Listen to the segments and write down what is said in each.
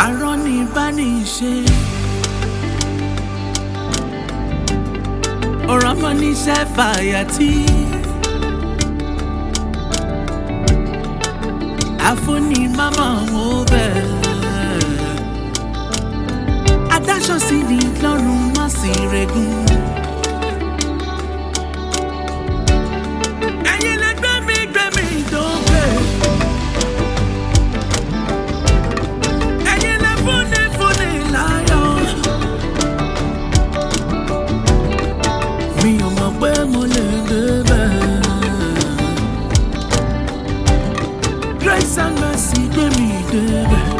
arán ní ìbániṣe ọ̀rọ̀ mọ́ níṣẹ́ fàyàtì àfọ́nì mama wọn bẹ́ẹ̀ adáṣọ́sí ni lọ́rùn má sì regún. Grace and mercy, they me,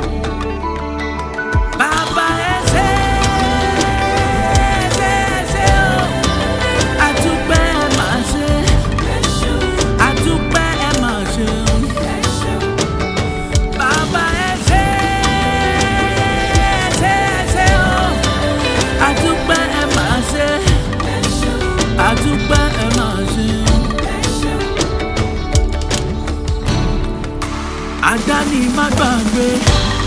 àdáni má gbàgbé.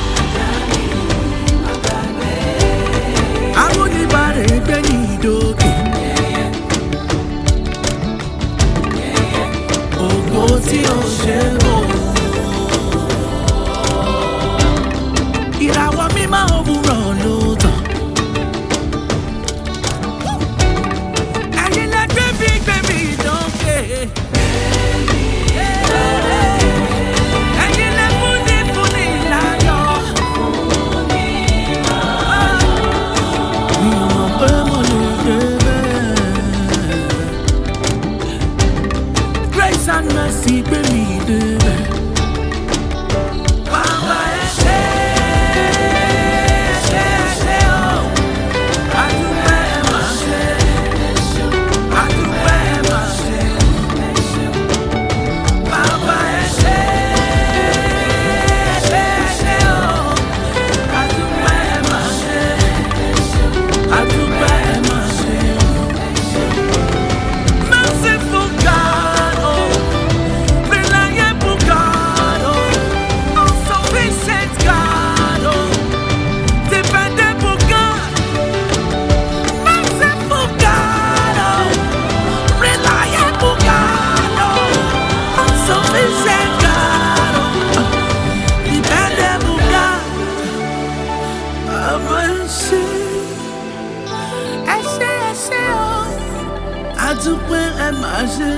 àdúpẹ́ ẹ máa ṣe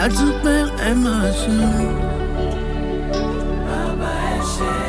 àdúpẹ́ ẹ máa ṣe. bàbá ẹ ṣe.